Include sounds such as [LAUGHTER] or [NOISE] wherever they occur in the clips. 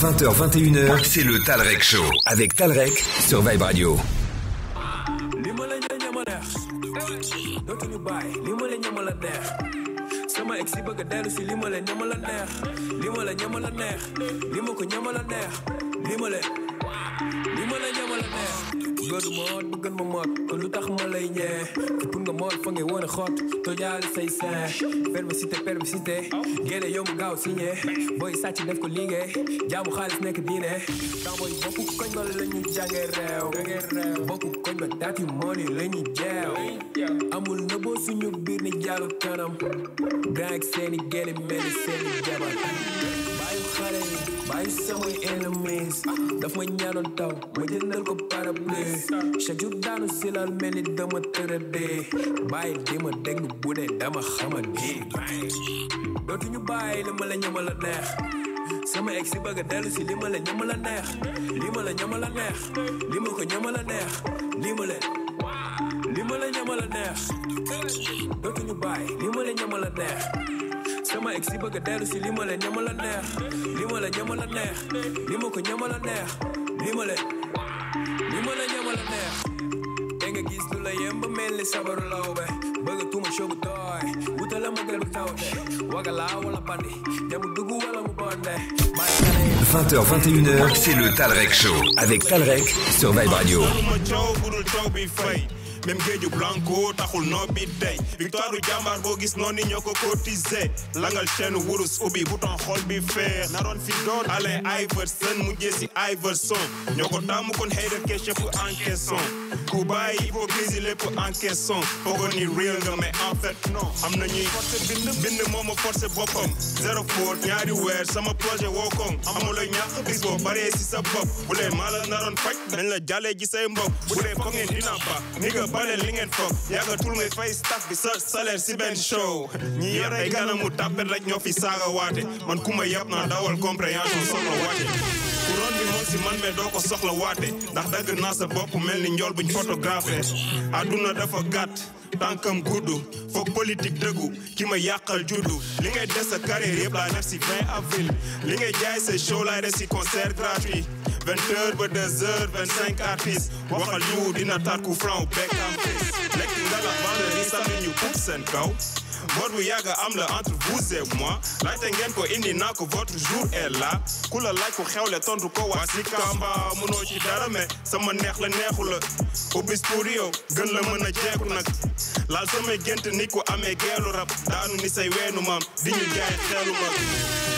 20h21h, c'est le Talrec Show avec Talrec sur Vibe Radio. li ma la yemale neex gëdu moot bu gën ma moot kon lu tax ma lay ñee pour nga moot fa nga woon a xoot tojaal say seen perversité perversité génne yow mu gaaw signé booy sàcc def ko liggéey jaamu xaalis nekk diine tambooy bokku koñ ba la ñu jànge réew bokku koñ ba daati mooni la ñu jeew amul nëboo suñu biir ni jaalu kanam grand seeni génne mel ni seeni jabar bàyyi xale yi samay enemies daf ma ñaanoon taw ma jëndal ko parapluie chaque jour daanu si mel ni dama tëra bàyyi di ma bu dee dama xama dee dootuñu bàyyi li ma la ñama la neex sama ex si bëgg dellu si li ma la ñama la neex li ma la ñama la neex li ma ko ñama la neex li ma bëgg a dellu si li ma leen ñama la neex li ma leen ñama la neex li ma ko ñama la neex li ma leen li ma leen ñama la neex te nga gis lu la yem ba mel ni sabaru lawbe bëgg tuuma shogu tooy wutala ma gël bu tawte waga laa wala bandi dem dugg wala mu bonde 20h, 21h, c'est le Talrek Show avec Talrek sur Vibe Radio même géeju blanco taxul noppi tey victoire du jàmbaar boo gis noni ñoko cotiser cotisé langal chaîne wurus ubbi bouton xol bi feer naroon fi doon Allen Iverson mujjee si Iverson ñoo ko kon hater ke chef en question ku bàyyi hypocrisie lépp en caisson foogoon ni real nga mais en fait non am ñuy forcer bind bind moo forcer forcé boppam zéro ñaari sama projet wokong. koŋ amuloo ñàkk bis boo baree si sa bop bu leen maa la dañ la jalé ji say mbok bu leen ko ngeen dina ba boole li ngeen foog yàggatul ngay fay staff bi sa salaire si benn show ñi yor ay kanamu tàppet rek ñoo fi saaga waate man ku ma yàpp naa dawal compréhension soxla waate couronne bi moom si man mais doo ko soxla waate ndax dagg naa sa bopp mel ni njool bu photographe àdduna dafa gàtt tànkam gudd foog politique dëggu ki ma yàqal juddu li ngay des sa carrière yëpp laa def si 20 avril li ngay jaay sa show laay def si concert gratuit vingt heures ba deux heures waxal ñu dina taat coup franc bekk lekk nga la vendredi samedi ñu puub seen kaw mor bu yàgg am la entre vous et moi ngeen ko indi naa ko votre jour est là ku la laaj ko xewle tontu ko waa si mënoo ci dara mais sama neex la neexu la ubbi studio gën la mën a jeeku nag laal samay gént ni ku amee geelu rab daanu ni say weenu maam di ñu jaay xeelu ma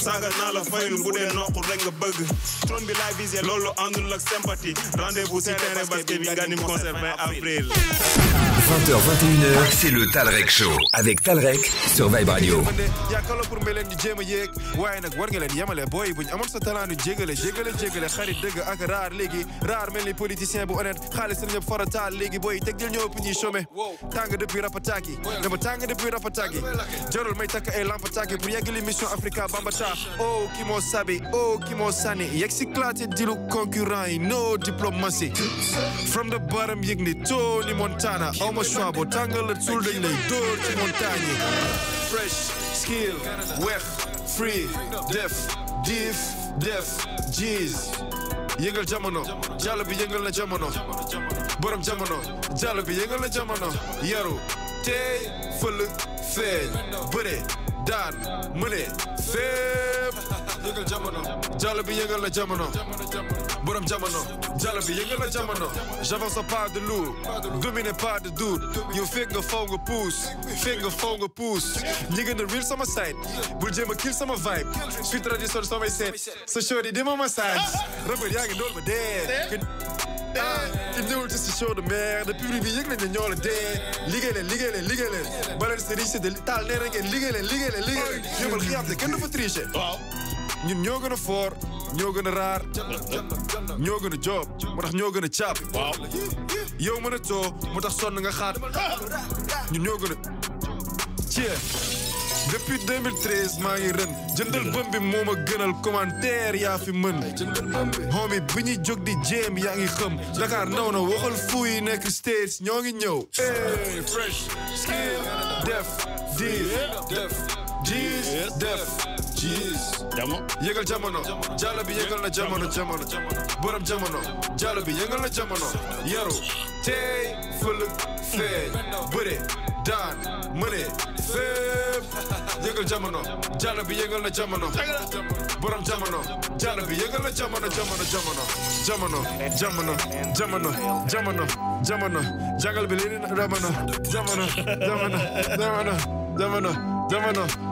la 20 h 21h c'est le Talrek Show avec Talrek sur Vibe Radio Kara Oh Kimosabe, oh Kimosane Yek si klate dilu konkurant No diplomacy From the bottom yek ni Tony Montana Oma Schwabo, tangal het zoel ding nee Door die montagne Fresh, skill, weg, free, def, def def, jeez Yëngal jamono, jalo bi yëngal na jamono Borom jamono, jalo bi yëngal na jamono Yaru, tey, fële, feeñ, bëre daan mu ne fépp yëgal jamono jàll bi yëgal la jamono borom jamono jàll bi yëgal la jamono j'avance pas de lourd dominé pas de nga faw nga pousse fekk nga faw nga pousse ñi gën a real sama side bul jéem a kill sama vibe suite tradition samay seet sa show di dima ma side rëbël yaa ngi dool ma dee ci néewul ci de merde bi yëg nañ ne ñoo la dee liggéey leen liggéey leen liggéey leen ba leen sériñ de taal nee na ngeen liggéey leen liggéey leen kenn du waaw ñun ñoo gën a fort ñoo gën a raar ñoo gën a joob mu tax ñoo gën a caab waaw yow mën a too mu tax sonn nga xaat ñun ñoo gën a depuis 2013 maa ngi ren jëndal bëm bi moo ma gënal commentaire yaa fi mën homie bi ñuy jóg di jéem yaa ngi xëm Dakar naw na waxal fu yi nekk States ñoo ngi ñëw hey fresh def diis def diis def diis yëgal jamono jàll bi yëgal na jamono jamono borom jamono jàll bi yëgal na jamono yaru tey fël feeñ bëre daan ma ne fépp yëgal jamono jaana bi yëgal na jamano, borom jamono jaana bi yëgal na jamano, jamano, jamano, jamano. jamono jamono jamono jamono jagal bi lii na jamano. jamono jamono jamono jamono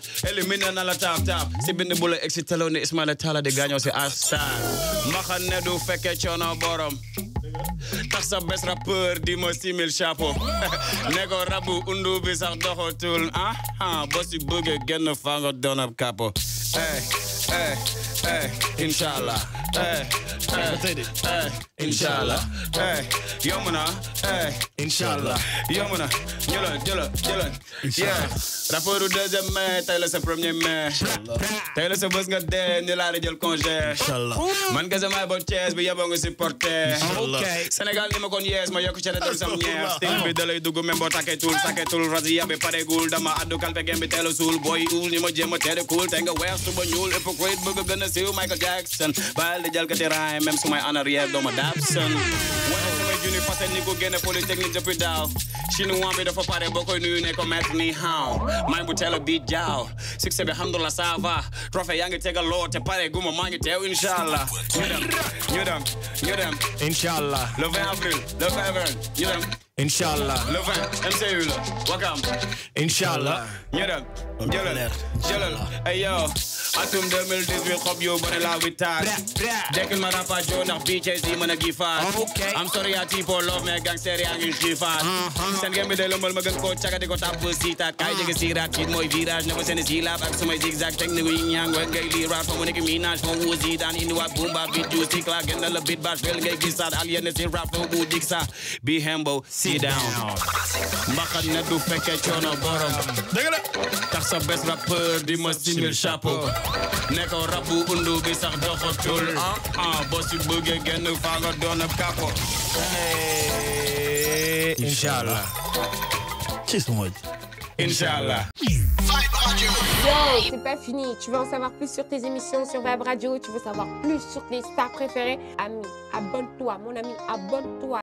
top. Elimina na la top top. Si bind bu la ni Ismaila Talla di gaañoo si astar. Maxan ne du fekkee coono borom. tax sa rappeur di ma simil chapeau [LAUGHS] ne ko rabu undu sax doxatul ah ah boo si bëggee genn faa nga doon ab kapo. Eh, eh. eh, inshallah, eh, eh, eh, inshallah, eh, yomuna, eh, inshallah, yomuna, yolo, yolo, yolo, yeah. Rapport au deuxième mai, taille le premier mai, taille le boss nga de, ni la rejol congé, man gaza ma bon chess, bi yabongo supporter, okay. Sénégal ni ma kon yes, ma yoko chere tul sam nyef, sting bi dalay dugu membo take tul, take tul, razi yabe pare gul, dama adu kalpe gembi telo sul, boy ul ni ma jema tere cool, tenga west, tuba nyul, hypocrite, bugu gana Prince to Michael Jackson. Weil die jelke die rhyme, même sou my anarière door my dapsen. Wanneer ze mijn juni passen, niet goed geen polytechniek op boko nu ne ko how. Mijn butelo beat jou. Six sebe hamdullah sava. Trofe yangi tega lo te gumo mangi teo inshallah. New them, new them, new them. Inshallah. Le 20 Inshallah. Le MC Hula, welcome. Inshallah. Inch'Allah. ñëral jëlal jëlal ay yow atum 2018 xob yu bëri laa witaar Dekin ma rapa joo ndax bii i si mën a gifaar am ah, sori yaa tipo love mais gangster yaa ngi xiifaar ah, ah. seen ngeen bi day lëmbal ma gën koo cagati ko tàpp siitaat kaay jege siiraat kiit mooy virage ne ko seen silaab ak sumay zigzag technique yi ñaang wa ngay lii raat fa mu nekk minage fa mu si daan indi waat bumba bi juusi claque gën la bit bash fel ngay gisaat ak yenn si rap fa mu dig sa bi hembo si down mbaxat ne du chono borom dëgg la tax sa best rapper di ma simil chapeau Neko ko rabu undu bi sax doxatul ah ah, ah si bëggee genn faa nga doon ab eh, inshallah ci suma inshallah Yo, c'est pas fini. Tu veux en savoir plus sur tes émissions sur Web Radio, tu veux savoir plus sur tes stars préférées. Ami, abonne-toi, mon ami, abonne-toi.